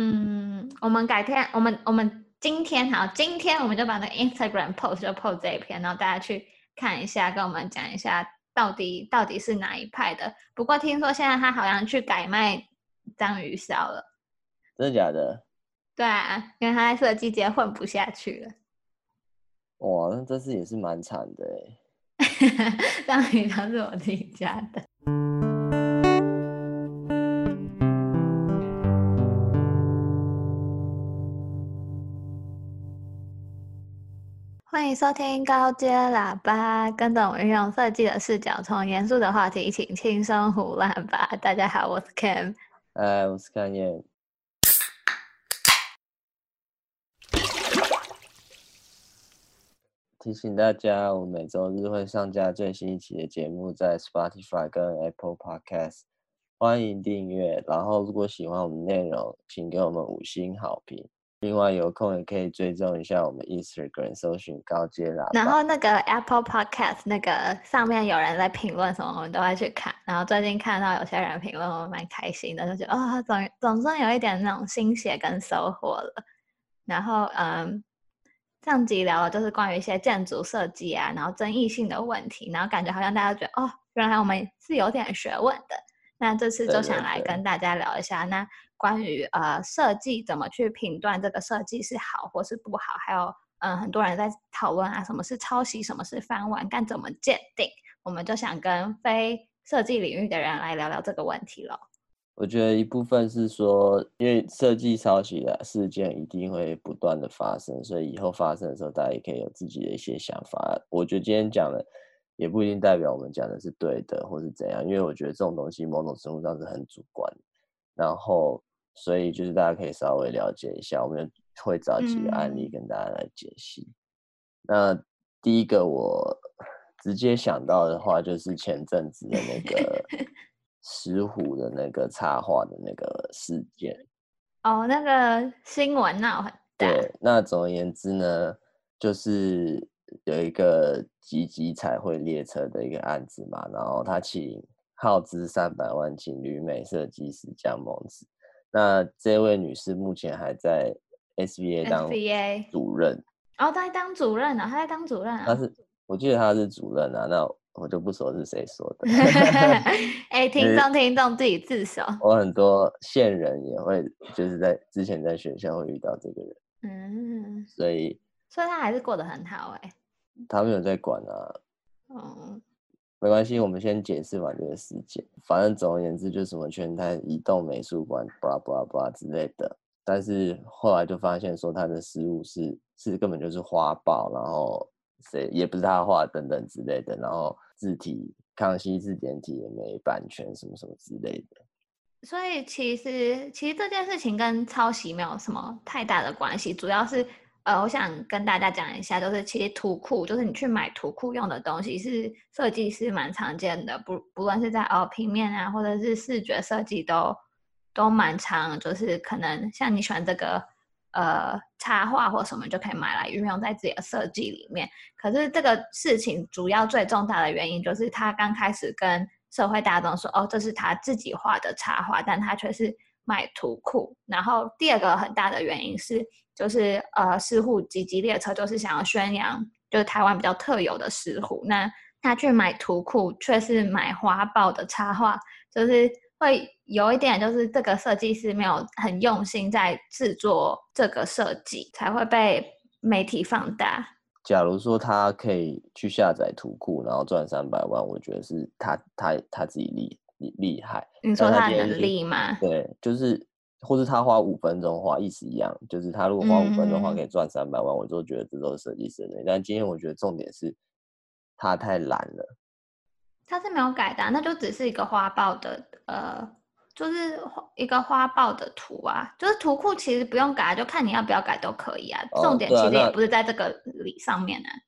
嗯，我們改天，我們我們今天好，今天我們就把那個 Instagram post 就 post 這一篇，然後大家去看一下，跟我們講一下到底到底是哪一派的。不過聽說現在他好像去改賣章魚燒了，真的假的？對啊，因為他在設計界混不下去了。哇，那這次也是蠻慘的哎。 章魚燒是我自己家的。歡迎收聽高階喇叭，跟着我們運用設計的視角，從嚴肅的話題一起輕鬆唬爛吧。大家好，我是 Cam，哎，Hi, 我是 Kenny 提醒大家，我們每周日會上架最新一期的節目，在 Spotify 跟 Apple Podcast，歡迎訂閱。然後，如果喜歡我們內容，請給我們五星好評。另外有空也可以追蹤一下我們 Instagram，搜尋高階喇叭。然後那個 Apple Podcast 那個上面有人在評論什麼，我們都會去看。然後最近看到有些人評論，我們蠻開心的，就覺得啊、哦，總總算有一點那種心血跟收穫了。然後嗯，上集聊的就是關於一些建築設計啊，然後爭議性的問題，然後感覺好像大家覺得哦，原來我們是有點學問的。那這次就想來跟大家聊一下，對對對，那關於呃設計怎麼去評斷這個設計是好或是不好，還有嗯很多人在討論啊，什麼是抄襲，什麼是翻玩，該怎麼鑑定？我們就想跟非設計領域的人來聊聊這個問題了。我覺得一部分是說，因為設計抄襲的事件一定會不斷的發生，所以以後發生的時候，大家也可以有自己的一些想法。我覺得今天講的。也不一定代表我們講的是對的，或是怎樣，因為我覺得這種東西某種程度上是很主觀的。然後，所以就是大家可以稍微了解一下，我們會找幾個案例跟大家來解析。嗯、那第一個我直接想到的話，就是前陣子的那個石虎的那個插畫的那個事件。哦，那個新聞鬧很大。對，那總而言之呢，就是。有一個集集彩繪列車的一個案子嘛，然後他請耗資三百萬請旅美設計師江孟芝，那這位女士目前還在 SVA 當主任。哦，她在當主任啊？她在當主任啊，她是，我記得她是主任啊。那我就不說是誰說的，哎，聽眾、聽眾自己自首，我很多線人也會就是在之前在學校會遇到這個人，嗯、mm.，所以。所以他還是過得很好哎、欸，他沒有在管啊。嗯、沒關係，我們先解釋完這個事件。反正總而言之，就是什麼全台移動美術館，巴拉巴拉巴拉之類的。但是後來就發現說他的失誤是是根本就是花豹，然後誰也不是他畫等等之類的。然後字體康熙字典體也沒版權，什麼什麼之類的。所以其實其實這件事情跟抄襲沒有什麼太大的關係，主要是。呃，我想跟大家講一下，就是其實圖庫，就是你去買圖庫用的東西是，是設計師蠻常見的，不不論是在哦平面啊，或者是視覺設計都，都都蠻常，就是可能像你喜歡這個呃插畫或什麼，就可以買來運用在自己的設計裡面。可是這個事情主要最重大的原因，就是他剛開始跟社會大眾說，哦，這是他自己畫的插畫，但他卻是，買圖庫，然後第二個很大的原因是，就是呃，石虎集集列車就是想要宣揚，就是台灣比較特有的石虎。那他去買圖庫，卻是買花豹的插畫，就是會有一點，就是這個設計師沒有很用心在制作這個設計，才會被媒體放大。假如說他可以去下載圖庫，然後賺三百萬，我覺得是他他他自己利你厲害，你說他的能力嗎？對，就是，或是他花五分鐘畫意思一樣，就是他如果花五分鐘畫可以賺三百萬，嗯嗯，我就覺得這都是設計師的。但今天我覺得重點是，他太懶了。他是沒有改的、啊，那就只是一個花豹的，呃，就是一個花豹的圖啊，就是圖庫其實不用改，就看你要不要改都可以啊。哦、重點其實也，啊、也不是在這個裡上面呢、啊。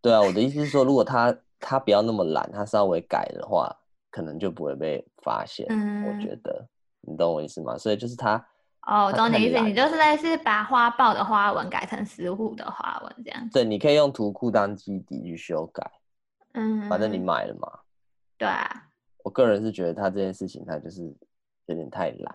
對啊，我的意思是說，如果他他不要那麼懶，他稍微改的話。可能就不會被發現，嗯，我覺得你懂我意思嗎？所以就是他哦，懂你意思。你就是在是把花豹的花紋改成石虎的花紋這樣。對，你可以用圖庫當基底去修改。嗯，反正你買了嘛。對啊。我個人是覺得他這件事情，他就是有點太懶。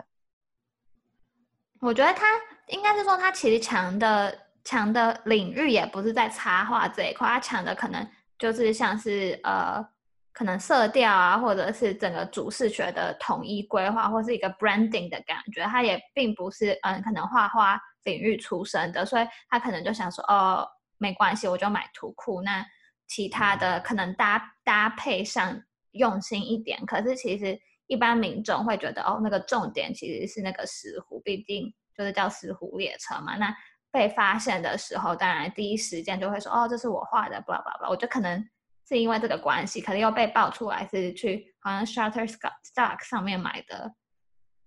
我覺得他應該是說，他其實強的強的領域也不是在插畫這一塊，他強的可能就是像是呃。可能色調啊，或者是整個主視覺的統一規劃，或是一個 branding 的感覺，他也並不是嗯，可能畫畫領域出身的，所以他可能就想說，哦，沒關係，我就買圖庫。那其他的可能搭搭配上用心一點，可是其實一般民眾會覺得，哦，那個重點其實是那個石虎，畢竟就是叫石虎列車嘛。那被發現的時候，當然第一時間就會說，哦，這是我畫的，blah blah blah，我就可能。是因為這個關係，可能又被爆出來是，是去好像 Shutterstock 上面買的，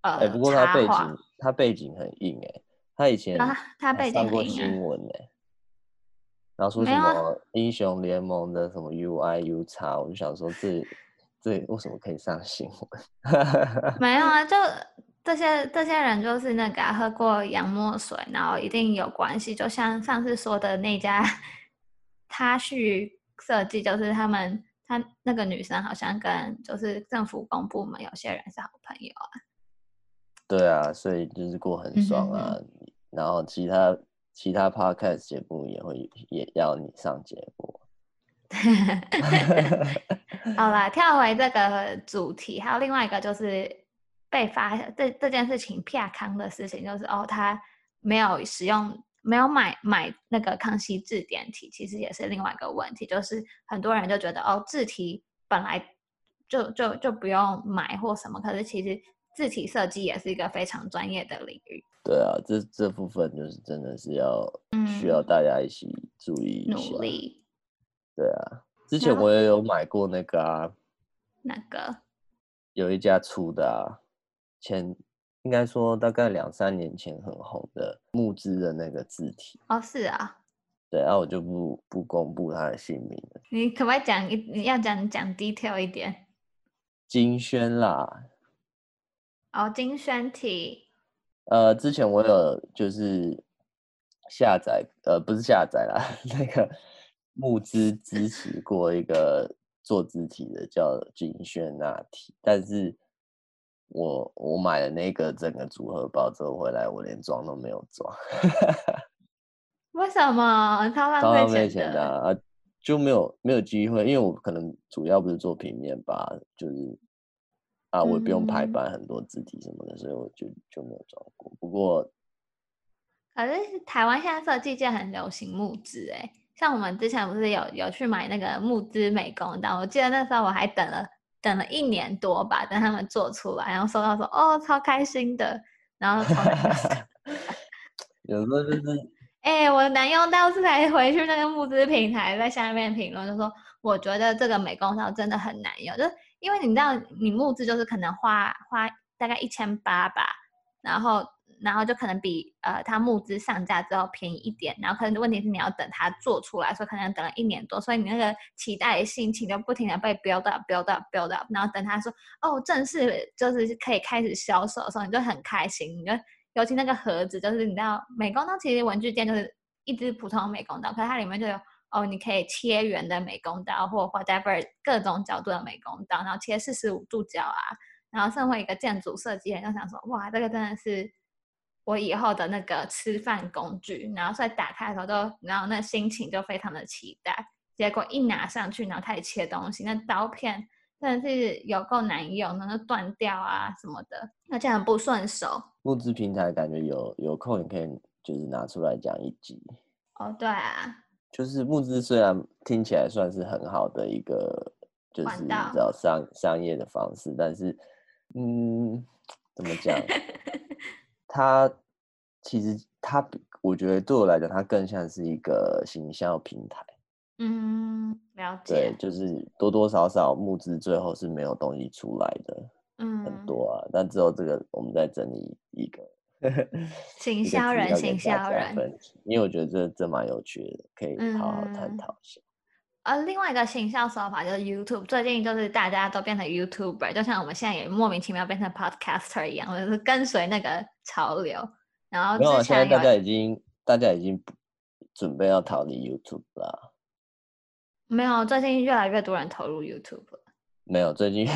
呃，欸、不過他背景他背景很硬哎、欸，他以前，啊、他背景很硬上過新聞哎、欸，然後說什麼英雄聯盟的什麼 UI UX，我就想說這這為什麼可以上新聞？ 沒有啊，就這些這些人就是那個、啊、喝過洋墨水，然後一定有關係，就像上次說的那家，他去。設計就是他們，他那個女生好像跟就是政府公部門有些人是好朋友啊。對啊，所以就是過很爽啊。嗯嗯嗯，然後其他其他 podcast 節目也會也要你上節目。 好啦，跳回這個主題，還有另外一個就是被發現這這件事情，皮康的事情就是哦，他沒有使用。沒有買買那個康熙字典體，其實也是另外一個問題，就是很多人就覺得哦，字體本來就就就不用買或什麼，可是其實字體設計也是一個非常專業的領域。對啊，這這部分就是真的是要需要大家一起注意、嗯、努力。對啊，之前我也有買過那個啊，那個有一家出的千、啊，前應該說，大概兩三年前很紅的募資的那個字體哦，是啊，對，那、啊、我就不不公布他的姓名了。你可不可以講一，你要講講 detail 一點？金萱啦，哦，金萱體。呃，之前我有就是下載，呃，不是下載啦，那個募資支持過一個字 做字體的叫金萱那提，但是。我我買了那個整個組合包之後回來，我連裝都沒有裝 。為什麼？超浪費錢的啊，啊？就沒有沒有機會，因為我可能主要不是做平面吧，就是啊，我也不用排版很多字體什麼的，嗯、所以我就就沒有裝過。不過，反正台灣現在設計界很流行募資誒，像我們之前不是有有去買那個募資美工刀？但我記得那時候我還等了。等了一年多吧，等他們做出來，然後收到說哦，超開心的，然後超開心的 有。有哎，欸，我男友倒是還回去那個募資平台，在下面評論就說，我覺得這個美工刀真的很難用，就是因為你知道，你募資就是可能花花大概一千八吧，然後。然後就可能比呃它募資上架之後便宜一點，然後可能問題是你要等它做出來，所以可能等了一年多，所以你那個期待心情就不停的被 build up，build up，build up。Up, up, 然後等他說哦正式就是可以開始銷售的時候，你就很開心，你就尤其那個盒子，就是你知道美工刀，其實文具店就是一支普通的美工刀，可是它裡面就有哦你可以切圓的美工刀，或 whatever 各種角度的美工刀，然後切四十五度角啊，然後身為一個建築設計人就想說哇這個真的是。我以後的那個吃飯工具，然後再打開的時候都，然後那心情就非常的期待。結果一拿上去，然後它也切東西，那刀片但是有夠難用，然後就斷掉啊什麼的，而且很不順手。募資平台感覺有有空，你可以就是拿出來講一集。哦，對啊，就是募資雖然聽起來算是很好的一個就是管道，你知道商商業的方式，但是嗯，怎麼講？ 它其實它，它我覺得對我來講，它更像是一個行銷平台。嗯，了解。對，就是多多少少募資，最後是沒有東西出來的。嗯，很多啊，但只有這個我們再整理一個呵呵行銷人，行銷人，因為我覺得這這蠻有趣的，可以好好探討一下。嗯呃、啊，另外一個行銷手法就是 YouTube，最近就是大家都變成 YouTuber，就像我們現在也莫名其妙變成 Podcaster 一樣，就是跟隨那個潮流。然後之前有沒有，現在大家已經大家已經準備要逃離 YouTube 了。沒有，最近越來越多人投入 YouTube。沒有，最近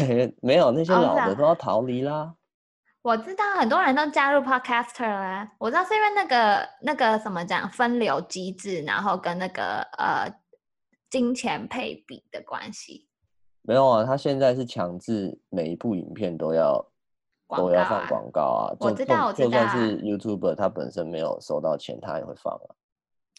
沒有那些老的都要逃離啦。我知道很多人都加入 Podcaster 了、啊。我知道是因為那個那個什麼講分流機制，然後跟那個呃。金錢配比的關係。沒有啊，他現在是強制每一部影片都要、啊、都要放廣告啊。我知道，我知道，就算是 YouTuber 他本身沒有收到錢，他也會放啊。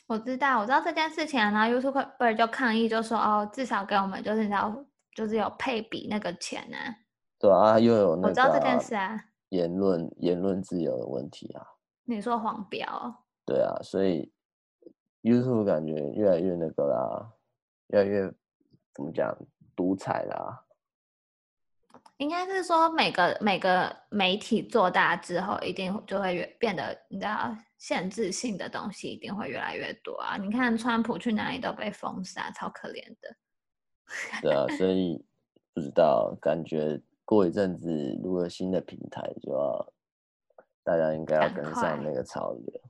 我知道，我知道這件事情、啊，然後 YouTuber 就抗議，就說哦，至少給我們就是要就是有配比那個錢呢、啊。對啊，又有那個、啊、我知道這件事啊。言論言論自由的問題啊。你說黃標？對啊，所以 YouTube 感覺越來越那個啦。越來越怎麼講獨裁啦、啊。應該是說，每個每個媒體做大之後，一定就會越變得，你知道，限制性的東西一定會越來越多啊！你看，川普去哪裡都被封殺、嗯，超可憐的。對啊，所以不知道， 感覺過一陣子，如果新的平台就要，大家應該要跟上那個潮流。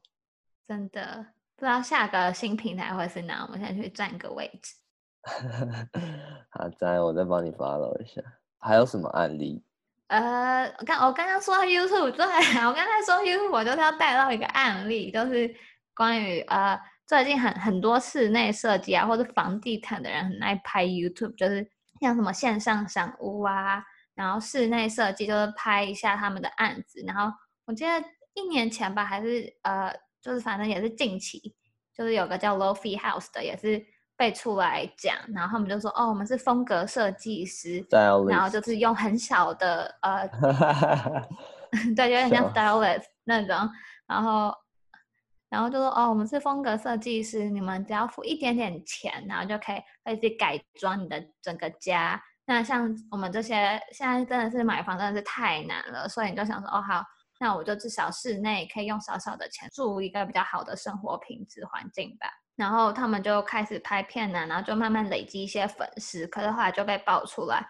真的不知道下個新平台會是哪，我們現在去佔個位置。好、 啊，在我再幫你 follow 一下。還有什麼案例？呃，我剛我剛剛,說到 YouTube, 我剛剛說 YouTube 對，我剛才說 YouTube 就是要帶到一個案例，就是關於呃最近很很多室內設計啊，或者房地產的人很愛拍 YouTube，就是像什麼線上賞屋啊，然後室內設計就是拍一下他們的案子。然後我記得一年前吧，還是呃，就是反正也是近期，就是有個叫 Lofi House 的，也是。背出來講，然後他們就說：“哦，我們是風格設計師，stylish. 然後就是用很小的呃， 對，就有點像 stylist 那種，sure. 然後，然後就說哦，我們是風格設計師，你們只要付一點點錢，然後就可以為自己改裝你的整個家。那像我們這些現在真的是買房真的是太難了，所以你就想說哦好，那我就至少室內可以用少少的錢住一個比較好的生活品質環境吧。”然後他們就開始拍片了啊，然後就慢慢累積一些粉絲。可是後來就被爆出來，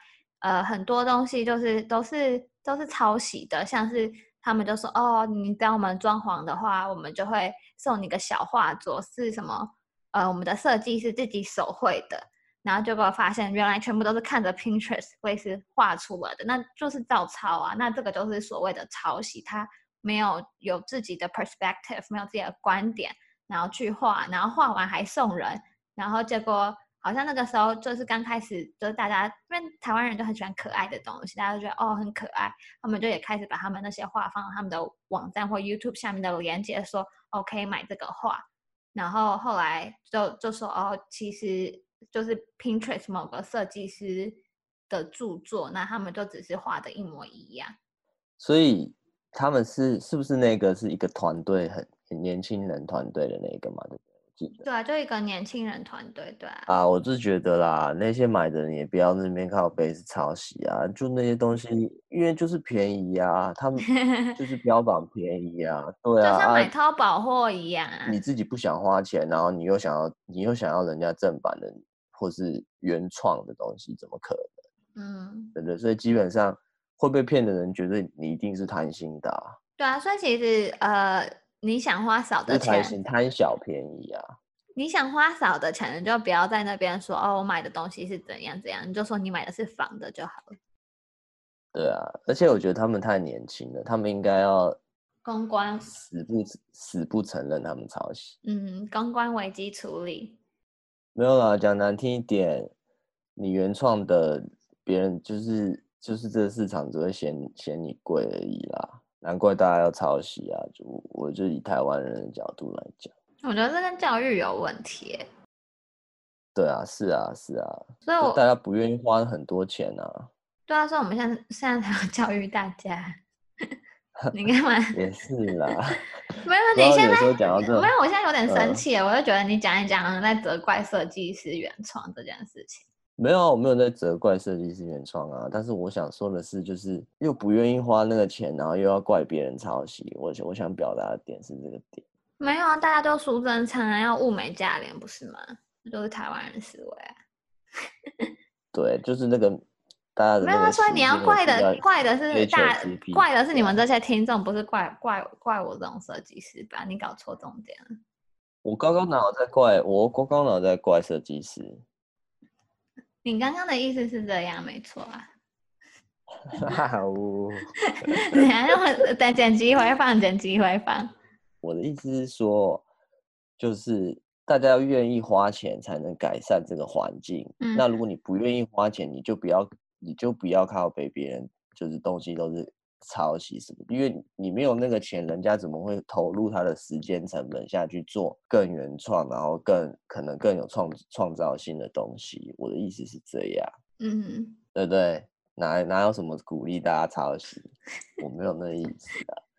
呃，很多東西就是都是都是抄襲的。像是他們就說：“哦，你當我們裝潢的話，我們就會送你個小畫作，是什麼？呃，我們的設計是自己手繪的。”然後結果發現，原來全部都是看着 Pinterest 會是畫出來的，那就是照抄啊。那這個就是所謂的抄襲，他沒有有自己的 perspective，沒有自己的觀點。然後去畫，然後畫完還送人，然後結果好像那個時候就是剛開始，就是大家因為台灣人都很喜歡可愛的東西，大家都覺得哦很可愛，他們就也開始把他們那些畫放到他們的網站或 YouTube 下面的連接說，說 OK 買這個畫。然後後來就就說哦，其實就是 Pinterest 某個設計師的著作，那他們就只是畫的一模一樣。所以他們是是不是那個是一個團隊很？年輕人團隊的那個嘛，對啊，就一個年輕人團隊，對啊，啊。我就覺得啦，那些買的人也不要那邊靠杯子抄襲啊，就那些東西，因為就是便宜啊，他們就是標榜便宜啊， 對啊，就像買淘寶貨一樣，啊啊，你自己不想花錢，然後你又想要，你又想要人家正版的或是原創的東西，怎麼可能？嗯，對對，所以基本上會被騙的人覺得你一定是貪心的。對啊，所以其實呃。你想花少的錢，貪小便宜啊！你想花少的錢，你就不要在那邊說哦，我買的東西是怎樣怎樣，你就說你買的是仿的就好了。對啊，而且我覺得他們太年輕了，他們應該要公關死不死不承認他們抄襲。嗯，公關危機處理沒有啦。講難聽一點，你原創的別人就是就是這個市場只會嫌嫌你貴而已啦。難怪大家要抄襲啊！就我就以台灣人的角度來講，我覺得這跟教育有問題欸。對啊，是啊，是啊，所以我大家不願意花很多錢吶啊。對啊，所以我們現在現在才要教育大家。 你幹嘛？也是啦。 沒有，你現在， 你現在沒有，我現在有點生氣，呃、我就覺得你講一講在責怪設計師原創這件事情。沒有，我沒有在責怪設計師原創啊。但是我想說的是，就是又不願意花那個錢，然後又要怪別人抄襲。我我想表達的點是這個點。沒有啊，大家都圖真誠啊，常常要物美價廉，不是嗎？這、就、都是台灣人思維啊。 對，就是那個大家的。沒有、啊，所以你要怪的，怪的是大，怪的是你們這些聽眾，不是怪怪我怪我這種設計師吧，把你搞錯重點了。我剛剛哪有在怪，我剛剛哪有在怪設計師？你剛剛的意思是這樣，沒錯啊。啊 嗚！ 你還要等剪輯回放，剪輯回放。我的意思是說，就是大家要願意花錢才能改善這個環境。嗯。那如果你不願意花錢，你就不要，你就不要靠被別人，就是東西都是。抄襲什麼？因為你沒有那個錢，人家怎麼會投入他的時間成本下去做更原創，然後更可能更有創創造性的東西？我的意思是這樣，嗯，對不對？哪哪有什麼鼓勵大家抄襲？我沒有那個意思啊。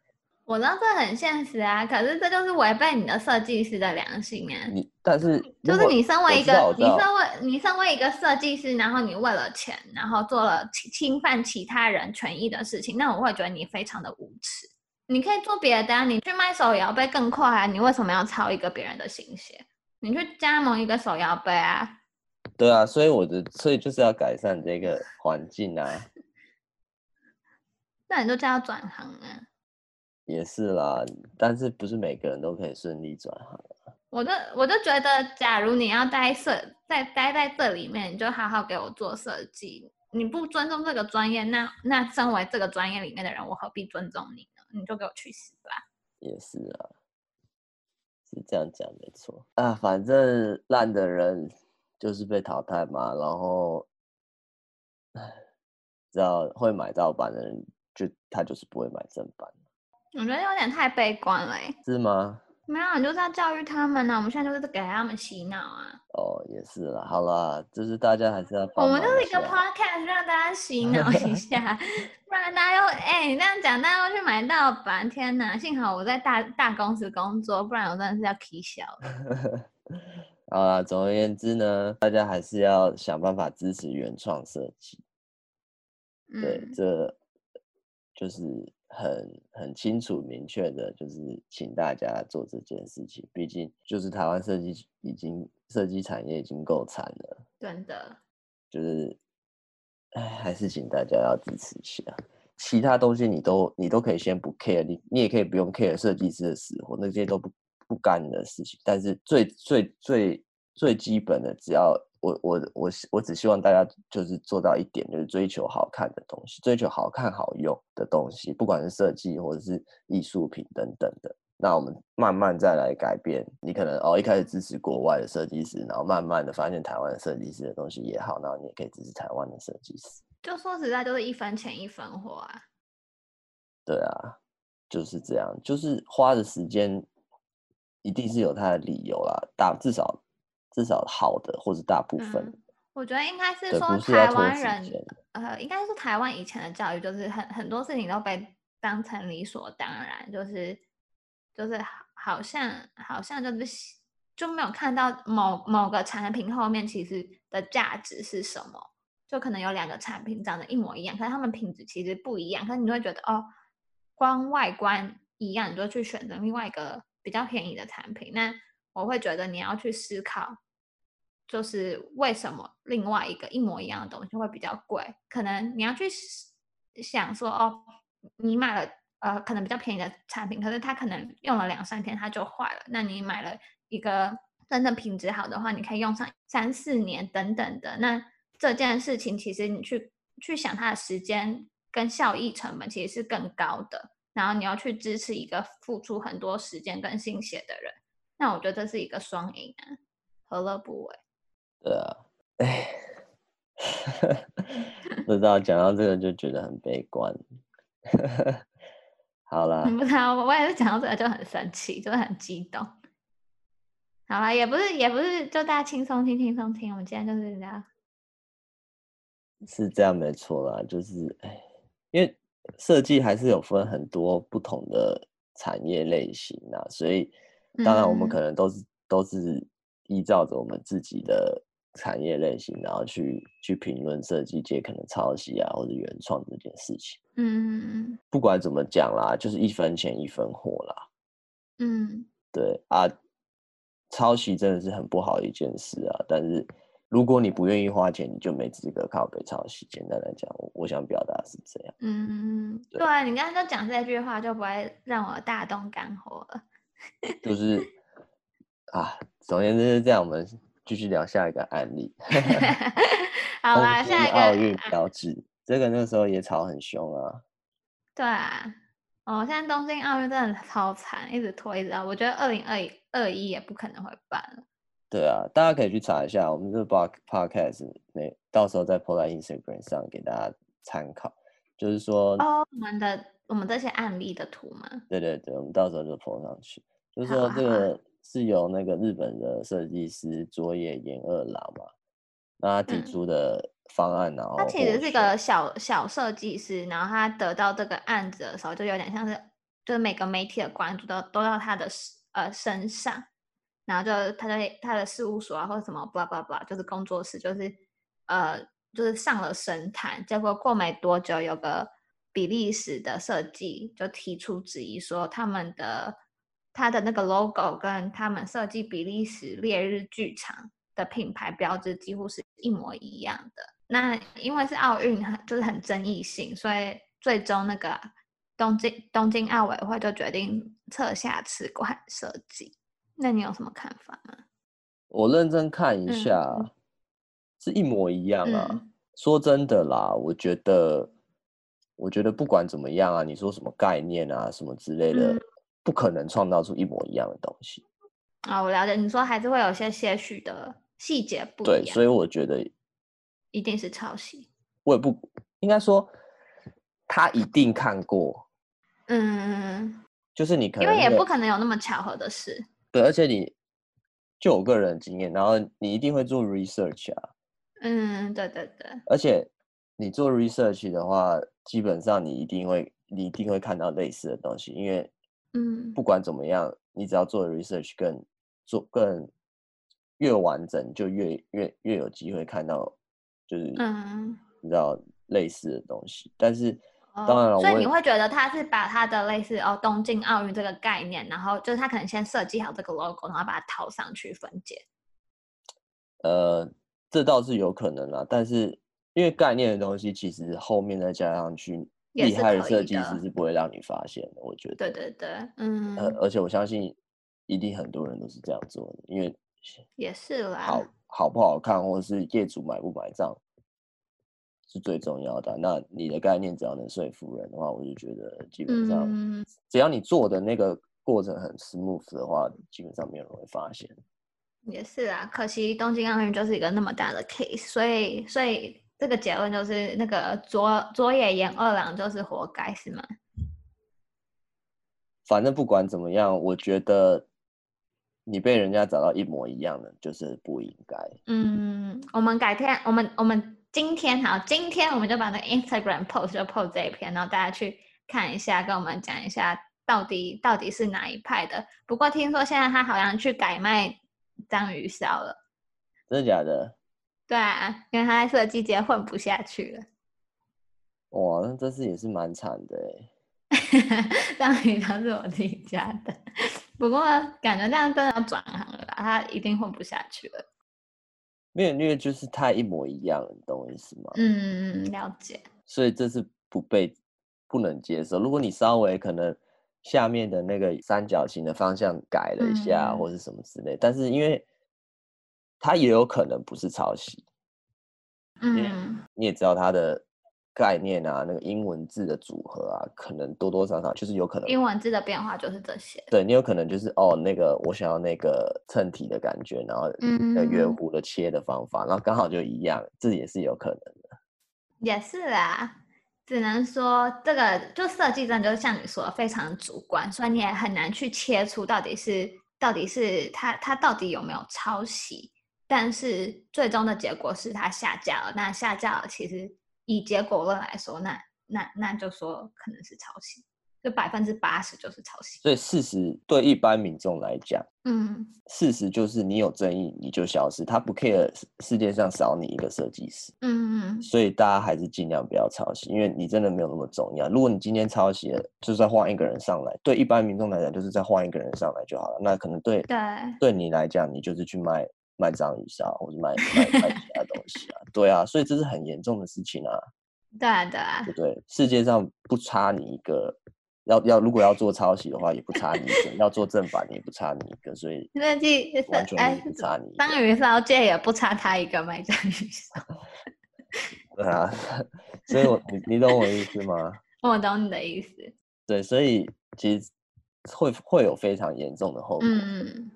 我知道這很現實啊，可是這就是違背你的設計師的良心啊！你但是就是你身為一個，你身為你身為一個設計師，然後你為了錢，然後做了侵侵犯其他人權益的事情，那我會覺得你非常的無恥。你可以做別的啊，你去賣手搖杯更快啊，你為什麼要抄一個別人的心血？你去加盟一個手搖杯啊。對啊，所以我的所以就是要改善這個環境啊。 那你就這樣轉行啊。也是啦，但是不是每個人都可以順利轉行啊？我都，我都覺得，假如你要待設，在待，待在這裡面，你就好好給我做設計。你不尊重這個專業，那那身為這個專業裡面的人，我何必尊重你呢？你就給我去死吧！也是啊，是這樣講沒錯啊。反正爛的人就是被淘汰嘛。然後，唉，只要會買盜版的人就，就他就是不會買正版。我覺得有點太悲觀了、欸，是嗎？沒有，你就是要教育他們呢、啊。我們現在就是在給他們洗腦啊。哦，也是啦。好了，就是大家還是要幫，我們就是一個 podcast 讓大家洗腦一下， 不然大家又哎，那、欸、樣講，大家又去買盜版。天哪！幸好我在大大公司工作，不然我真的是要虧小。啊， 總而言之呢，大家還是要想辦法支持原創設計。對，這就是。很很清楚明確的，就是請大家做這件事情。畢竟就是台灣設計已經設計產業已經夠慘了，真的。就是，哎，還是請大家要支持一下。其他東西你都你都可以先不 care，你你也可以不用 care 設計師的死活，那些都不不干的事情。但是最最最最基本的，只要。我我我我只希望大家就是做到一點，就是追求好看的東西，追求好看好用的東西，不管是設計或者是藝術品等等的。那我們慢慢再來改變。你可能哦一開始支持國外的設計師，然後慢慢的發現台灣的設計師的東西也好，然後你也可以支持台灣的設計師。就說實在都是一分錢一分貨啊。對啊，就是這樣，就是花的時間一定是有它的理由啦，大至少。至少好的或是大部分。嗯，我覺得應該是說台灣人，呃，應該是台灣以前的教育就是很很多事情都被當成理所當然，就是就是好像好像就是就沒有看到某某個產品後面其實的價值是什麼，就可能有兩個產品長得一模一樣，可是他們品質其實不一樣，可是你會覺得哦，光外觀一樣，你就去選擇另外一個比較便宜的產品。那我會覺得你要去思考。就是為什麼另外一個一模一樣的東西會比較貴？可能你要去想說哦，你買了呃，可能比較便宜的產品，可是它可能用了兩三天它就壞了。那你買了一個真正品質好的話，你可以用上三四年等等的。那這件事情其實你去去想它的時間跟效益成本其實是更高的。然後你要去支持一個付出很多時間跟心血的人，那我覺得這是一個雙贏啊，何樂不為？對啊，哎，不知道講到這個就覺得很悲觀。呵呵好啦，你不知道我也是講到這個就很生氣，就是、很激動。好啦，也不是也不是，就大家輕鬆聽，輕鬆聽。我們今天就是這樣，是這樣沒錯啦。就是哎，因為設計還是有分很多不同的產業類型吶，所以當然我們可能都是、嗯、都是依照着我們自己的。產業類型，然後去去評論設計界可能抄襲啊，或者原創這件事情。嗯，不管怎麼講啦，就是一分錢一分貨啦。嗯，對啊，抄襲真的是很不好的一件事啊。但是如果你不願意花錢，你就沒資格靠北抄襲。簡單來講，我我想表達是這樣。嗯對，對啊，你剛剛都講這句話就不會讓我大動肝火了。 就是啊，首先就是這樣，我們。繼續聊下一個案例， 好啦，啊，下一個奧運標誌，這個那時候也吵很兇啊。對啊，哦，現在東京奧運真的超慘，一直拖一直拖，我覺得二零二一二一也不可能會辦了。對啊，大家可以去查一下，我們這個 Podcast 那到時候再 PO 在 Instagram 上給大家參考，就是說哦，我們的我們這些案例的圖嘛，對對對，我們到時候就 PO 上去，就是說這個。好好是由那個日本的設計師佐野研二郎嘛，那他提出的方案，嗯、然後他其實是個小小設計師，然後他得到這個案子的時候，就有點像是，就是每個媒體的關注都都到他的身呃身上，然後就他的他的事務所啊或者什麼，叭叭叭，就是工作室，就是呃就是上了神壇，結果過沒多久，有個比利時的設計就提出質疑說他們的。它的那個 logo 跟他們設計比利時烈日劇場的品牌標誌幾乎是一模一樣的。那因為是奧運，很就是很爭議性，所以最終那個東京東京奧委會就決定撤下此款設計。那你有什麼看法嗎？我認真看一下，嗯、是一模一樣啊、嗯。說真的啦，我覺得我覺得不管怎麼樣啊，你說什麼概念啊，什麼之類的。嗯不可能創造出一模一樣的東西啊！Oh, 我了解，你說還是會有些些許的細節不一樣。對，所以我覺得一定是抄襲。我也不應該說他一定看過。嗯，就是你可能因為也不可能有那麼巧合的事。對，而且你就我個人經驗，然後你一定會做 research 啊。嗯，對對對。而且你做 research 的話，基本上你一定會你一定會看到類似的東西，因為。嗯，不管怎麼樣，你只要做的 research 更做更越完整，就越越越有機會看到，就是嗯，你知道類似的東西。但是、呃、當然了，所以你會覺得他是把他的類似哦東京奧運這個概念，然後就是他可能先設計好這個 logo，然後把它套上去分解。呃，這倒是有可能啦、啊，但是因為概念的東西，其實後面再加上去。厲害的設計師是不會讓你發現的，我覺得。對對對，嗯。呃，而且我相信，一定很多人都是這樣做的，因為也是啦。好，好不好看，或是業主買不買賬，是最重要的。那你的概念只要能說服人的話，我就覺得基本上，只要你做的那個過程很 smooth 的話，基本上沒有人會發現。也是啊，可惜東京奧運就是一個那麼大的 case，所以，所以。這個結論就是那個佐佐野研二郎就是活該是嗎？反正不管怎麼樣，我覺得你被人家找到一模一樣的就是不應該。嗯，我們改天，我們我們今天好，今天我們就把那個 Instagram post 就 post 這一篇，然後大家去看一下，跟我們講一下到底到底是哪一派的。不過聽說現在他好像去改賣章魚燒了，真的假的？對啊，因為他在設計界混不下去了。哇，那這次也是蠻慘的哎。當然，他是我自己家的，不過感覺這樣真的要轉行了，他一定混不下去了。沒有虐，因為就是太一模一樣了，你懂我意思嗎？嗯嗯，了解。嗯。所以這次不被不能接受。如果你稍微可能下面的那個三角形的方向改了一下，嗯、或是什麼之類的，但是因為。它也有可能不是抄襲，嗯，你也知道它的概念啊，那個英文字的組合啊，可能多多少少就是有可能英文字的變化就是這些，對你有可能就是哦，那個我想要那個襯體的感覺，然後嗯、呃、圓弧的切的方法，然後剛好就一樣，這也是有可能的，也是啦，只能說這個就設計上就像你說的非常主觀，所以你也很難去切出到底是到底是它它到底有沒有抄襲？但是最終的結果是他下架了。那下架了，其實以結果論來說，那那那就說可能是抄襲，就百分之八十就是抄襲。所以事實對一般民眾來講，嗯，事實就是你有爭議你就消失，他不 care 世界上少你一個設計師。嗯嗯。所以大家還是盡量不要抄襲，因為你真的沒有那麼重要。如果你今天抄襲了，就算換一個人上來，對一般民眾來講，就是再換一個人上來就好了。那可能對對對你來講，你就是去賣。賣章魚燒，或者賣賣賣，賣其他東西啊？對啊，所以這是很嚴重的事情啊。 當然的啊，對不、啊、對、啊？世界上不差你一個，要要如果要做抄襲的話，也不差你一個； 要做正版，也不差你一個。所以，完全不差你。章魚燒界也不差他一個賣章魚燒。對 啊，所以我你你懂我的意思嗎？ 我懂你的意思。對，所以其實會會有非常嚴重的後果。嗯，嗯。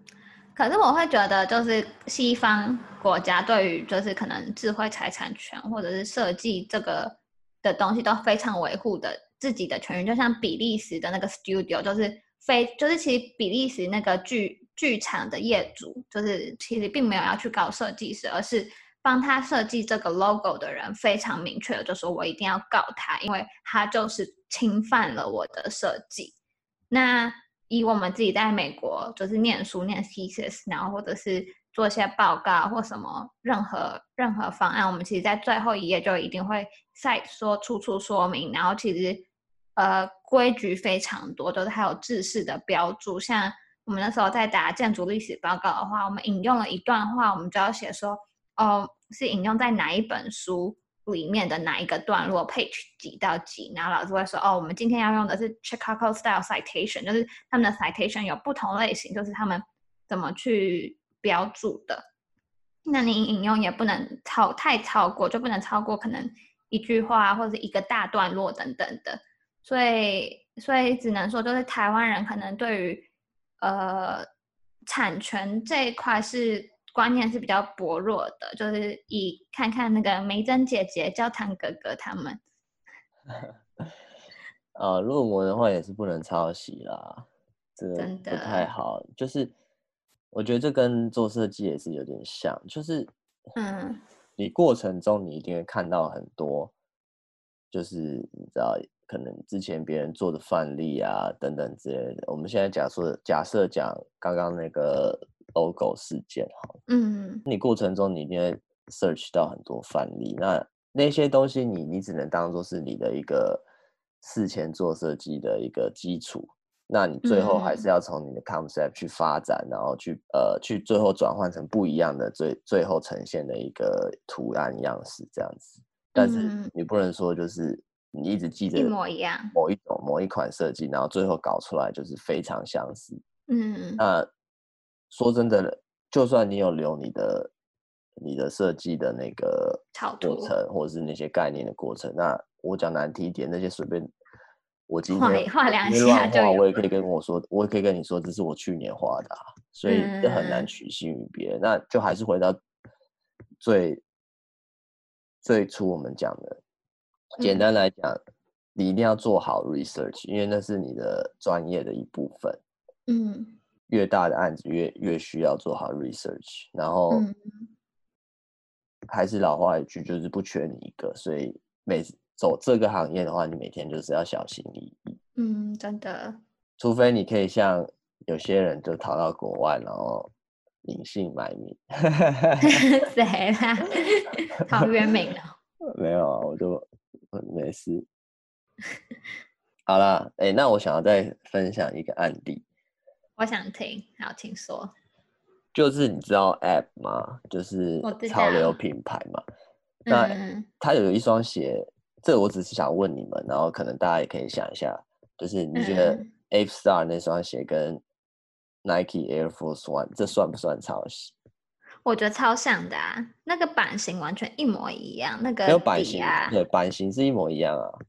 可是我會覺得，就是西方國家對於就是可能智慧財產權權或者是設計這個的東西都非常維護的自己的權益，就像比利時的那個 studio，就是非就是其實比利時那個劇劇場的業主，就是其實並沒有要去告設計師，而是幫他設計這個 logo 的人，非常明確就說，我一定要告他，因為他就是侵犯了我的設計。那以我們自己在美國就是唸書念 thesis，然後或者是做一些報告或什麼任何任何方案，我們其實，在最後一頁就一定會 cite 說出處，處說明，然後其實呃規矩非常多，都、就是還有制式的標注。像我們那時候在打建築歷史報告的話，我們引用了一段話，我們就要寫說哦是引用在哪一本書。裡面的哪一個段落，page 幾到幾？然後老師會說，哦，我們今天要用的是 Chicago style citation，就是他們的 citation 有不同類型，就是他們怎麼去標注的。那你引用也不能超，太超過，就不能超過可能一句話或者一個大段落等等的。所以，所以只能說，就是台灣人可能對於呃產權這一塊是。觀念是比較薄弱的，就是以看看那個梅珍姐姐、焦糖哥哥他們。如果我的話也是不能抄襲啦，真的不太好。就是我覺得這跟做設計也是有點像，就是嗯，你過程中你一定會看到很多，就是你知道可能之前別人做的範例啊等等之類的。我們現在假設假設講剛剛那個。logo 事件哈，嗯，你過程中你一定會 search 到很多範例，那那些東西你你只能當做是你的一個事前做設計的一個基礎，那你最後還是要從你的 concept 去發展，嗯，然後去呃去最後轉換成不一樣的最最後呈現的一個圖案樣式這樣子，但是你不能說就是你一直記得某一樣某一種某一款設計，然後最後搞出來就是非常相似，嗯，那。說真的，就算你有留你的，你的設計的那個過程，或者是那些概念的過程，那我講難聽一點，那些隨便我今天畫兩下就，我也可以跟我說，我也可以跟你說，這是我去年畫的，啊，所以就很難取信於別人。那就還是回到最最初我們講的，簡單來講，嗯，你一定要做好 research，因為那是你的專業的一部分。嗯。越大的案子越，越越需要做好 research。然後、嗯，還是老話一句，就是不缺你一個。所以每，每走這個行業的話，你每天就是要小心翼翼。嗯，真的。除非你可以像有些人，就逃到國外，然後隱姓埋名。誰啊？陶淵明哦。沒有啊，我就我沒事。好了、欸，那我想要再分享一個案例。我想聽，好，請說。就是你知道 App 嗎？就是潮流品牌嘛。嗯、那他有一雙鞋，這個、我只是想問你們，然後可能大家也可以想一下，就是你覺得 Ape Star 那雙鞋跟 Nike Air Force One 這算不算抄襲？我覺得超像的，啊。那個版型完全一模一樣。那個、DR、沒有版型啊，對版型是一模一樣啊。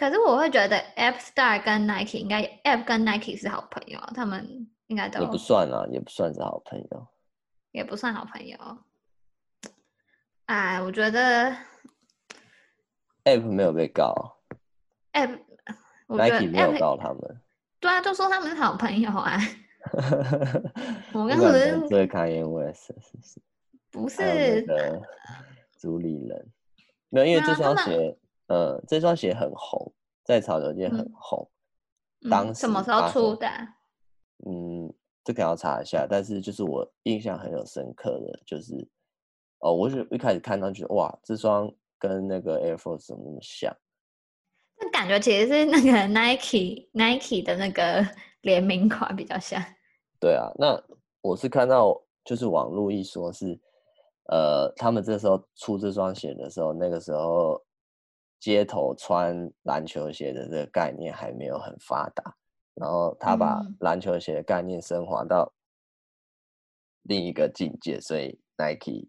可是我會覺得，App Star 跟 Nike 應該 App 跟 Nike 是好朋友，他們應該都不算啊，也不算是好朋友，也不算好朋友。哎、啊，我覺得 App 沒有被告 App Nike 沒有告他們，對啊，就說他們是好朋友啊。 我跟我是你說，對 Kanye West 不是，不主理人，沒有，因為這雙鞋。呃、嗯、這雙鞋很紅，在潮流界很紅。嗯、當時什麼時候出的啊？嗯，這個要查一下。但是就是我印象很有深刻的，就是哦，我是一開始看到就哇，這雙跟那個 Air Force 怎麼那麼像？那感覺其實是那個 Nike Nike 的那個聯名款比較像。對啊，那我是看到就是網絡一說是，呃，他們這時候出這雙鞋的時候，那個時候。街頭穿籃球鞋的這個概念還沒有很發達，然後他把籃球鞋的概念升華到另一個境界，所以 Nike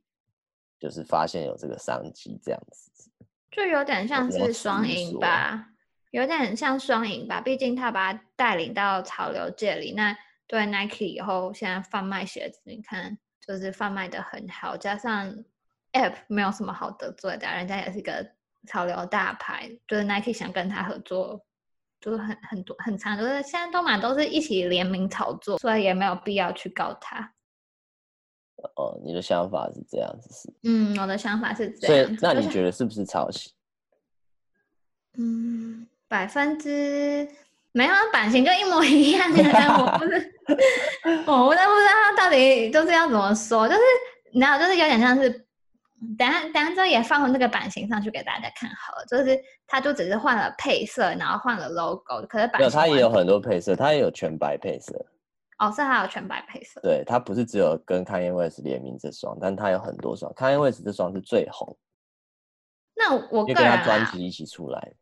就是發現有這個商機，這樣子就有點像是雙贏吧，有點像雙贏吧。畢竟他把它帶領到潮流界裡，那對 Nike 以後現在販賣鞋子，你看就是販賣得很好，加上 App 沒有什麼好得罪的，人家也是一個。潮流大牌，就是 Nike 想跟他合作，就是很很多很長，就是現在都蠻都是一起聯名炒作，所以也沒有必要去告他。哦，你的想法是這樣子。嗯，我的想法是這樣。所以，那你覺得是不是抄襲，就是？嗯，百分之沒有版型就一模一樣啊！ 但我不是，我都不知道他到底都是要怎麼說，但、就是你知道，就是有點像是。等下，等下，這也放那個版型上去給大家看好了。就是它就只是換了配色，然後換了 logo，可是版型。它也有很多配色，它也有全白配色。哦，是它有全白配色。對，它不是只有跟 Kanye West 聯名這雙，但它有很多雙。Kanye West 這雙是最紅。那我個人、啊。跟他專輯一起出來。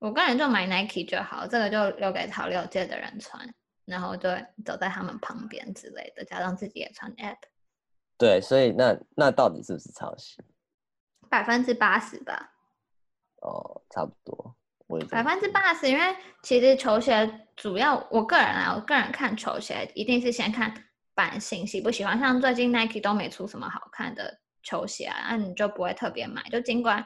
我個人就買 Nike 就好，這個就留給潮流界的人穿，然後就走在他們旁邊之類的，加上自己也穿 App 對，所以那那到底是不是抄襲？百分之八十吧。哦，差不多。我百分之八十，因為其實球鞋主要我個人啊，我個人看球鞋一定是先看版型喜不喜歡。像最近 Nike 都沒出什麼好看的球鞋啊，那、啊、你就不會特別買。就儘管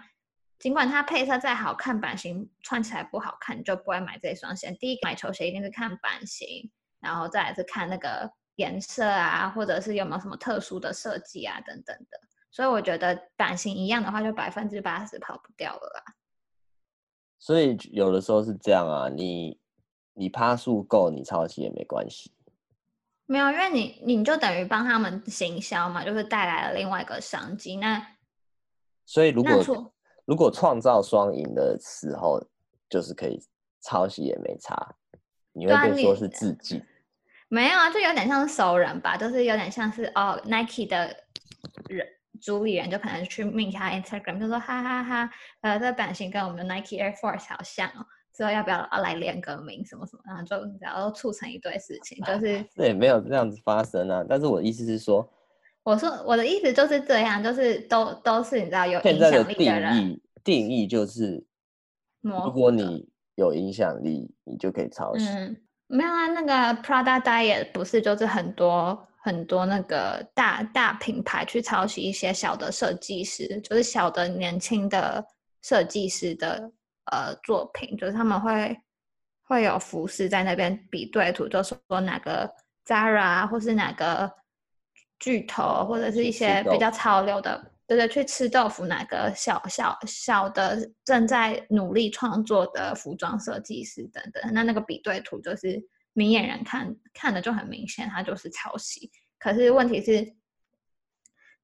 儘管它配色再好看，版型穿起來不好看，你就不會買這雙鞋。第一個買球鞋一定是看版型，然後再來是看那個。顏色啊，或者是有沒有什麼特殊的設計啊，等等的。所以我覺得版型一樣的話就，就百分之八十跑不掉了啦。所以有的時候是這樣啊，你你趴數夠，你抄襲也沒關係。沒有，因為你你就等於幫他們行銷嘛，就是帶來了另外一個商機。那所以如果如果創造雙贏的時候，就是可以抄襲也沒差，你會被說是自己？沒有啊，就有點像是熟人吧，就是有點像是哦，Nike 的人主理人就可能去命他 Instagram，就說哈哈哈哈，呃，這個版型跟我們的 Nike Air Force 好像哦，之後要不要來聯個名什麼什麼，然後就然後促成一堆事情，就是、啊、對，沒有這樣子發生啊。但是我的意思是說，我說我的意思就是這樣，就是都都是你知道有人現在的定義定義就是，如果你有影響力，你就可以抄襲。嗯沒有啊，那個 Prada 他也不是，就是很多很多那個大大品牌，去抄襲一些小的設計師，就是小的年輕的設計師的呃作品，就是他們會會有服飾在那邊比對圖，就是說哪個 Zara 啊，或是哪個巨頭，或者是一些比較潮流的。對對，去吃豆腐，哪個小小小的正在努力創作的服裝設計師等等，那那個比對圖就是明眼人看看的就很明顯，他就是抄襲。可是問題是，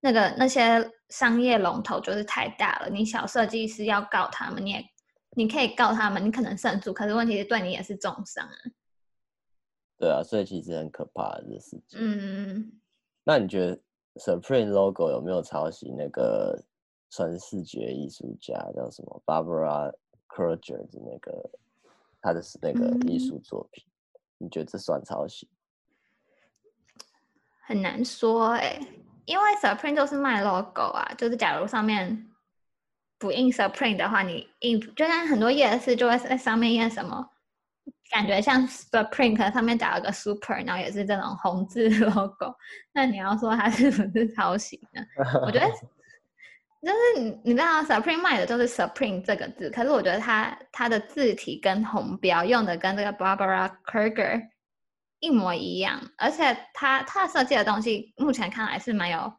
那個那些商業龍頭就是太大了，你小設計師要告他們，你也你可以告他們，你可能勝訴，可是問題是對你也是重傷啊。對啊，所以其實很可怕的事情。嗯，那你覺得？Supreme logo 有沒有抄襲那個純視覺藝術家叫什麼 Barbara Kruger 的那個他的那個藝術作品？嗯，你覺得這算抄襲。很難說誒，欸，因為 Supreme 都是賣 logo 啊，就是假如上面不印 Supreme 的話，你印就像很多夜市就會在上面印什麼。感覺像 Supreme 上面打了一個 Super，然後也是這種紅字 logo。那你要說它是不是抄襲呢？ 我覺得，就是你你知道 Supreme 賣的都是 Supreme 這個字，可是我覺得它它的字體跟紅標用的跟這個 Barbara Kruger 一模一樣，而且它它設計的東西目前看來是蠻有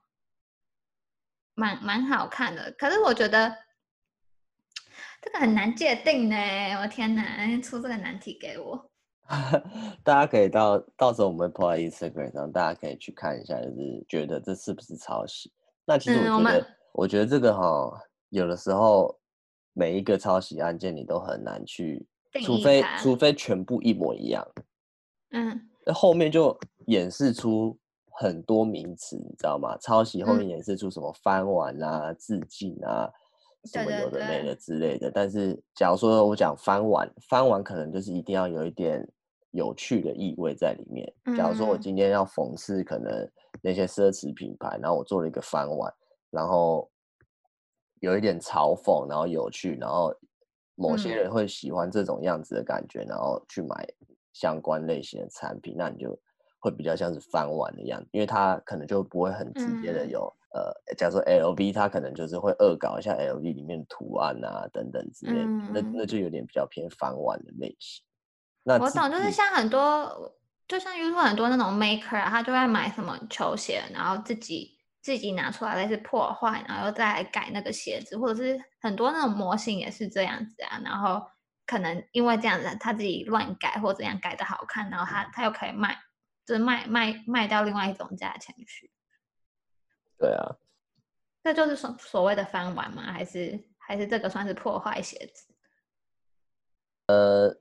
蠻蠻好看的。可是我覺得。這個很難界定呢，我天哪，出這個難題給我。 大家可以到到時候我們 po 在 IG 上，大家可以去看一下，就是覺得這是不是抄襲？那其實我覺得，嗯、我，我覺得這個哈，有的時候每一個抄襲案件你都很難去，除非除非全部一模一樣。嗯。那後面就演示出很多名詞，你知道嗎？抄襲後面演示出什麼翻玩啊、致敬啊。什麼有的沒的之類的對對對，但是假如說我講翻玩，翻玩可能就是一定要有一點有趣的意味在裡面。嗯、假如說我今天要諷刺可能那些奢侈品牌，然後我做了一個翻玩，然後有一點嘲諷，然後有趣，然後某些人會喜歡這種樣子的感覺，嗯、然後去買相關類型的產品，那你就會比較像是翻玩的樣子，因為它可能就不會很直接的有。嗯呃，假如說 L V，它可能就是會惡搞一下 L V 裡面圖案啊等等之類的、嗯，那那就有點比較偏翻玩的類型。我懂，就是像很多，就像有很多那種 Maker 啊,他就在買什麼球鞋，然後自己自己拿出來那些破壞，然後再改那個鞋子，或者是很多那種模型也是這樣子啊。然後可能因為這樣子，他自己亂改或怎樣改的好看，然後他他又可以賣，就是賣賣賣，賣掉另外一種價錢去。對啊，這就是所所謂的翻玩嗎？還是還是這個算是破壞鞋子？呃，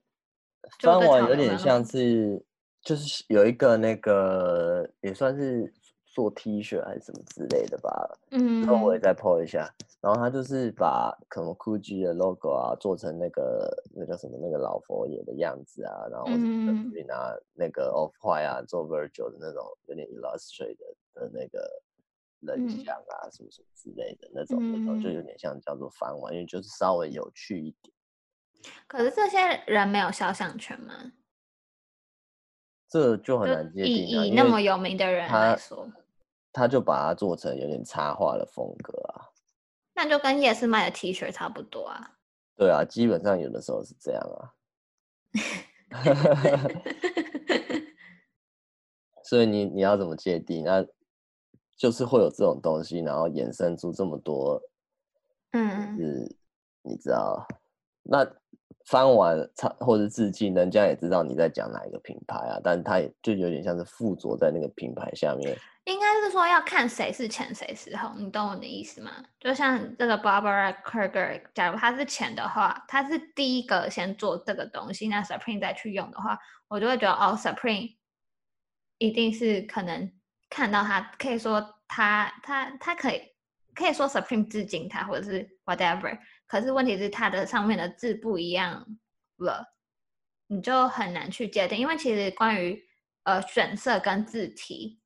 翻玩有點像是 就是有一個那個也算是做 T 恤還是什麼之類的吧。嗯，然後我也再破一下，然後他就是把可能 Gucci 的 logo 啊做成那個那叫什麼那個老佛爺的樣子啊，然後什麼的、啊、嗯，拿那個 Off-White 啊做 Virtual 的那種有點 Illustrated 的那個。人像啊，什麼什麼之類的那種、嗯，那種就有點像叫做翻玩，因為就是稍微有趣一點。可是這些人沒有肖像權嗎？這就很難界定啊，以以那麼有名的人來說，他他就把它做成有點插畫的風格啊，那就跟夜市賣的 T 恤差不多啊。對啊，基本上有的時候是這樣啊。 所以你你要怎麼界定那。就是會有這種東西，然後衍生出這麼多，嗯，是、嗯，你知道，那翻玩或者致敬，人家也知道你在講哪一個品牌啊，但他也就有點像是附着在那個品牌下面。應該是說要看誰是前誰是後，你懂我的意思嗎？就像這個 Barbara Kruger，假如他是前的話，他是第一個先做這個東西，那 Supreme 再去用的話，我就會覺得哦，Supreme 一定是可能。看到它，可以說它它它可以可以說 Supreme 致敬它或者是 whatever，可是問題是它的上面的字不一樣了，你就很難去界定，因為其實關於呃選色跟字體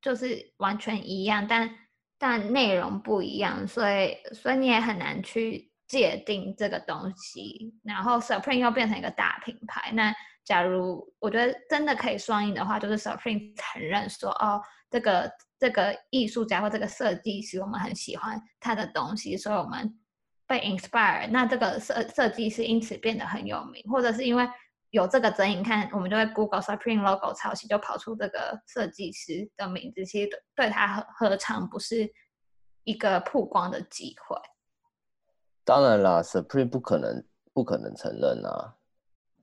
就是完全一樣，但但內容不一樣，所以所以你也很難去界定這個東西。然後 Supreme 又變成一個大品牌，那。假如我覺得真的可以雙贏的話，就是 Supreme 承認說，哦，這個這個藝術家或這個設計師，我們很喜歡他的東西，所以我們被 inspire，那這個設設計師因此變得很有名，或者是因為有這個爭議，你看，我們就會 Google Supreme logo 抄襲，就跑出這個設計師的名字，其實對他何何嘗不是一個曝光的機會？當然啦，Supreme 不可能不可能承認啦、啊。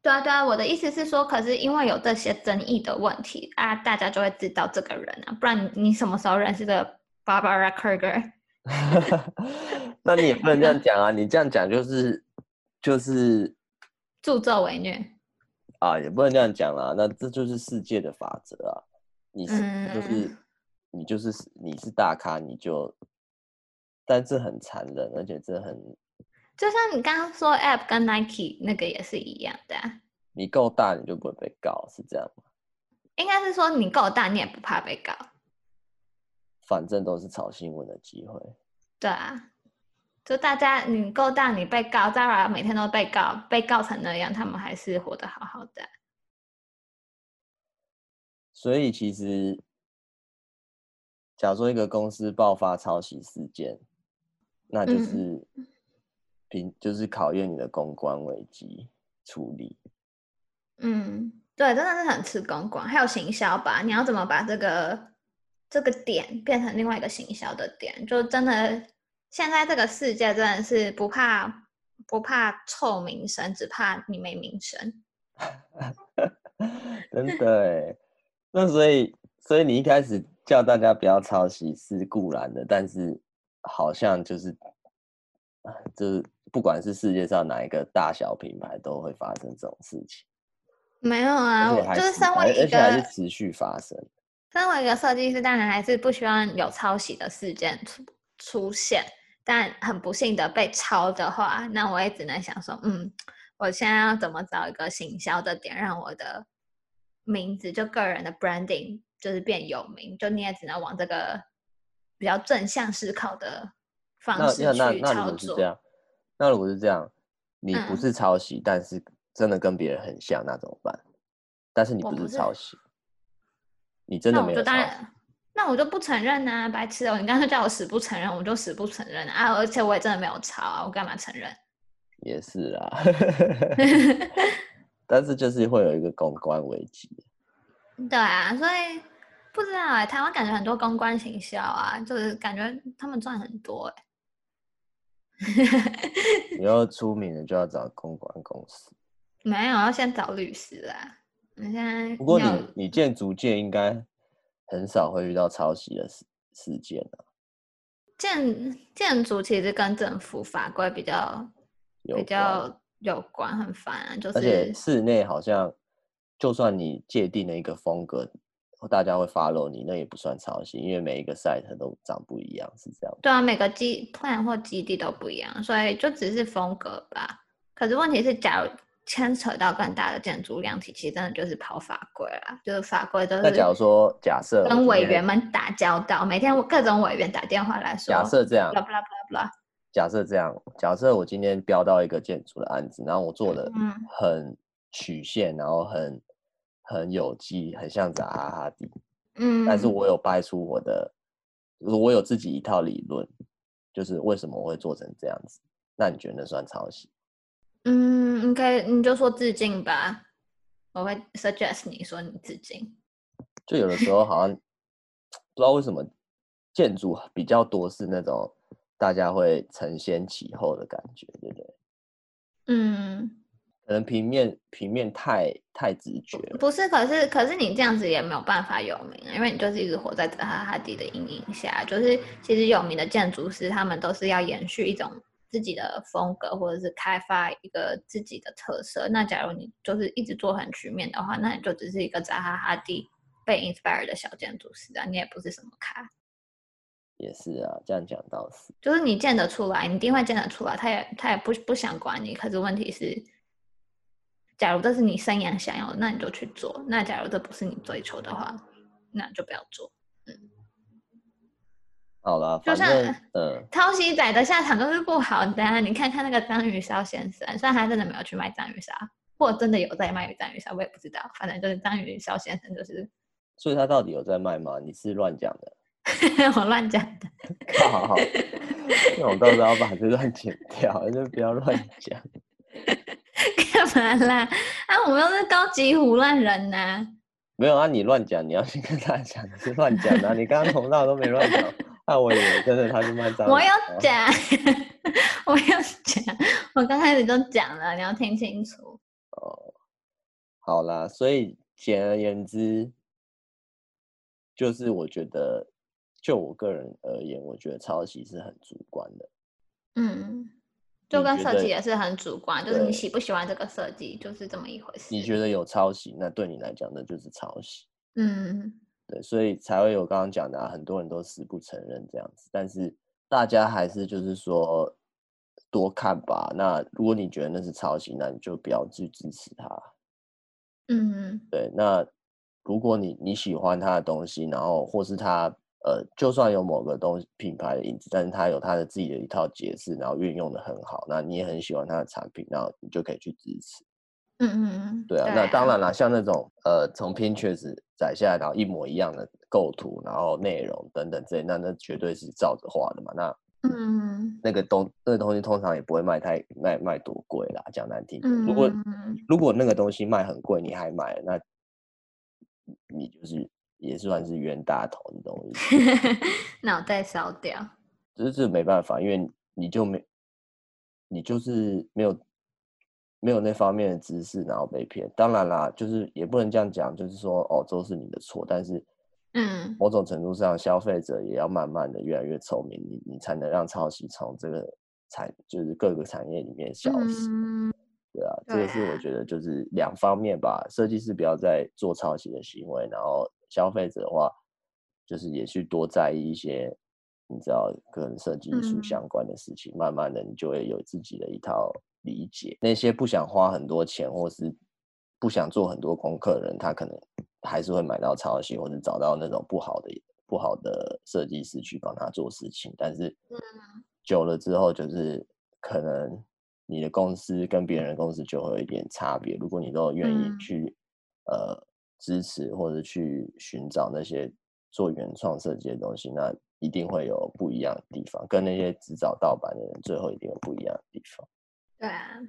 對啊，對啊，我的意思是說，可是因為有這些爭議的問題啊，大家就會知道這個人啊。不然你什麼時候認識的 Barbara Kruger？ 那你也不能這樣講啊，你這樣講就是就是助紂為虐啊，也不能這樣講啦、啊。那這就是世界的法則啊，你是就是、嗯、你就是你、就是、你是大咖，你就，但是很殘忍，而且這很。就像你剛剛說，App 跟 Nike 那個也是一樣的。你夠大，你就不會被告，是這樣嗎？應該是說你夠大，你也不怕被告。反正都是炒新聞的機會。對啊，就大家你夠大，你被告，再然後每天都被告，被告成那樣，他們還是活得好好的。所以其實，假如說一個公司爆發抄襲事件，那就是。嗯就是考驗你的公關危機處理。嗯，對，真的是很吃公關，還有行銷吧？你要怎麼把這個這個點變成另外一個行銷的點？就真的，現在這個世界真的是不怕不怕臭名聲，只怕你沒名聲。 真的耶，那所以所以你一開始叫大家不要抄襲是固然的，但是好像就是。啊，就是，不管是世界上哪一個大小品牌，都會發生這種事情。沒有啊，我就是身為一個，而且還是持續發生。身為一個設計師，當然還是不希望有抄襲的事件出出現。但很不幸的被抄的話，那我也只能想說，嗯，我現在要怎麼找一個行銷的點，讓我的名字就個人的 branding 就是變有名，就你也只能往這個比較正向思考的。那那那那如果是這樣，那如果是這樣，你不是抄襲、嗯，但是真的跟別人很像，那怎麼辦？但是你不是抄襲，你真的沒有抄。我就當然，那我就不承認吶、啊，白痴哦！你剛才叫我死不承認，我就死不承認啊，啊！而且我也真的沒有抄啊，我幹嘛承認？也是啊， 但是就是會有一個公關危機。 對啊，所以不知道哎、欸，台灣感覺很多公關行銷啊，就是感覺他們賺很多哎、欸。你 要出名了，就要找公關公司。沒有，要先找律師啊。你現在不過，你你建築界應該很少會遇到抄襲的事事件啊。建建築其實跟政府法規比較比較有關，很煩啊，就是，而且室內好像就算你界定了一個風格。大家會 follow 你，那也不算抄襲，因為每一個 site 都長不一樣，是這樣。對啊，每個基 plan 或基地都不一樣，所以就只是風格吧。可是問題是，假如牽扯到更大的建築量體，其實真的就是跑法規了，就是法規都是。那假如說，假設跟委員們打交道，每天各種委員打電話來說。假設這樣。啦啦啦啦假設這樣，假設我今天標到一個建築的案子，然後我做的很曲線，然後很。很有機，很像扎哈哈蒂。嗯，但是我有掰出我的，我有自己一套理論，就是為什麼我會做成這樣子。那你覺得算抄襲？嗯，應、okay，該你就說致敬吧。我會 suggest 你說你致敬。就有的時候好像 不知道為什麼建築比較多是那種大家會承先啟後的感覺，對不對？嗯。可能平面平面太太直覺，不是？可是可是你這樣子也沒有辦法有名啊，因為你就是一直活在扎哈哈迪的陰影下。就是其實有名的建築師，他們都是要延續一種自己的風格，或者是開發一個自己的特色。那假如你就是一直做很曲面的話，那你就只是一個扎哈哈迪被 inspire 的小建築師啊，你也不是什麼咖。也是啊，這樣講倒是。就是你建得出來，你一定會建得出來。他也他也不不想管你，可是問題是。假如這是你生養想要，那你就去做。那假如這不是你追求的話，那就不要做。嗯，好了。就是嗯，抄襲仔的下場都是不好的啊。你看看那個章魚燒先生，雖然他真的沒有去賣章魚燒，或真的有在賣章魚燒，我也不知道。反正就是章魚燒先生就是，所以他到底有在賣嗎？你是亂講的。 我亂講的。好好好，那我到時候把這段剪掉， 就不要亂講。幹嘛啦？那、啊、我們又是高級胡亂人呢、啊？沒有啊，你亂講，你要先跟他講，你是亂講的、啊。你剛剛同那都沒亂講，那、 啊、我以為真的他去亂講。我有講、哦， 我有講，我剛開始都講了，你要聽清楚。哦，好啦，所以簡而言之，就是我覺得，就我個人而言，我覺得抄襲是很主觀的。嗯。就跟設計也是很主觀，就是你喜不喜歡這個設計，就是這麼一回事。你覺得有抄襲，那對你來講那就是抄襲。嗯，對，所以才會有剛剛講的啊，很多人都死不承認這樣子。但是大家還是就是說多看吧。那如果你覺得那是抄襲，那你就不要去支持他。嗯，對。那如果你你喜歡他的東西，然後或是他。呃，就算有某個東西品牌的影子，但是它有它的自己的一套解釋，然後運用得很好，那你也很喜歡它的產品，然後你就可以去支持。嗯嗯嗯，對啊。對，那當然了，像那種呃，從 Pinterest 摘下來，然後一模一樣的構圖，然後內容等等這些，那那絕對是照着畫的嘛。那嗯，那個東那個東西通常也不會賣太賣賣多貴啦。講難聽，嗯，如果如果那個東西賣很貴，你還買，那你就是。也是算是冤大頭的東西，你懂我意思？腦袋燒掉，只、就是這沒辦法，因為你就沒，你就是沒有沒有那方面的知識，然後被騙。當然啦，就是也不能這樣講，就是說哦，都是你的錯。但是，嗯，某種程度上，消費者也要慢慢的越來越聰明，嗯、你你才能讓抄襲從這個產就是各個產業裡面消失、嗯。對啊，這個是我覺得就是兩方面吧。設計、啊、師不要再做抄襲的行為，然後。消費者的話，就是也去多在意一些，你知道跟設計藝術相關的事情。嗯、慢慢的，你就會有自己的一套理解。那些不想花很多錢或是不想做很多功課的人，他可能還是會買到抄襲，或者找到那種不好的不好的設計師去幫他做事情。但是，久了之後，就是可能你的公司跟別人的公司就會有一點差別。如果你都願意去，嗯、呃。支持或者去尋找那些做原創設計的東西，那一定會有不一樣的地方，跟那些只找盜版的人最後一定有不一樣的地方。對啊，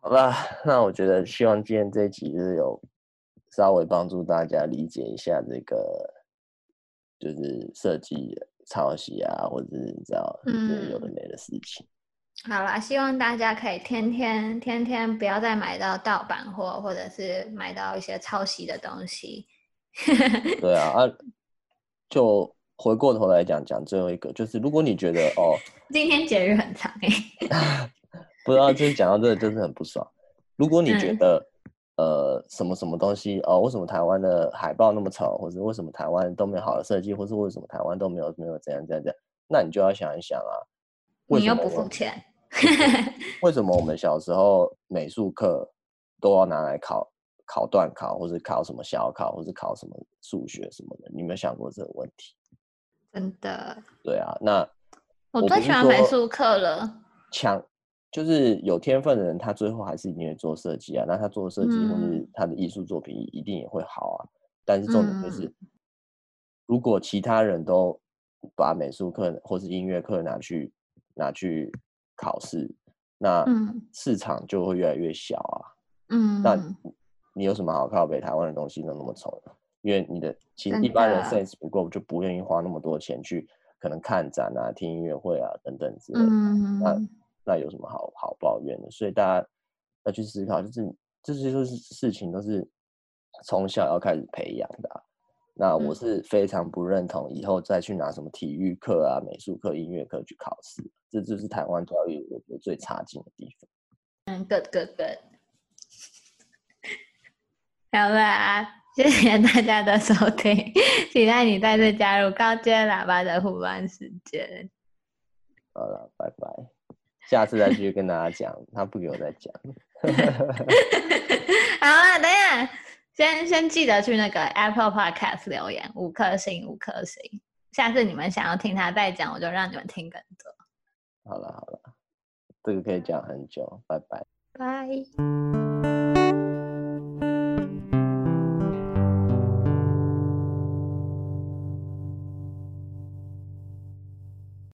好吧，那我覺得希望今天這一集就是有稍微幫助大家理解一下這個，就是設計抄襲啊，或者是你知道是是有的沒的事情。嗯好啦，希望大家可以天天天天不要再買到盜版貨，或者是買到一些抄襲的東西。 對啊啊！就回過頭來講講最後一個，就是如果你覺得哦，今天節日很長哎， 不知道就是講到這，真是很不爽。如果你覺得、嗯、呃什麼什麼東西哦，為什麼台灣的海報那麼醜，或者為什麼台灣都沒有好的設計，或是為什麼台灣都沒有，都沒，有沒有怎樣怎樣怎樣，那你就要想一想啊，你又不付錢。 為什麼我們小時候美術課都要拿來考考段考，或是考什麼小考，或是考什麼數學什麼的？你有沒有想過這個問題？真的，對啊。那我最喜歡美術課了。強就是有天分的人，他最後還是一定會做設計啊。那他做設計，或是他的藝術作品，一定也會好啊，嗯。但是重點就是，如果其他人都把美術課或是音樂課拿去拿去。拿去考試，那市場就會越來越小啊。嗯，那你有什麼好靠北台灣的東西能那麼醜？因為你的其實一般人的 sense 不夠，就不願意花那麼多錢去可能看展啊、聽音樂會啊等等之類。嗯，那那有什麼好好抱怨的？所以大家要去思考，就是這些都是事情，都是從小要開始培養的啊。那我是非常不認同、嗯，以後再去拿什麼體育課啊、美術課、音樂課去考試，這就是台灣教育我覺得最差勁的地方。嗯，good good good，好了，啊，謝謝大家的收聽，期待你再次加入高階喇叭的呼蘭時間。好了，拜拜，下次再繼續跟大家講， 他不給我再講。 好啊，等一下。先先記得去那個 Apple Podcast 留言，五顆星、五顆星。下次你們想要聽他再講，我就讓你們聽更多。好了好了，這個可以講很久。拜拜。拜。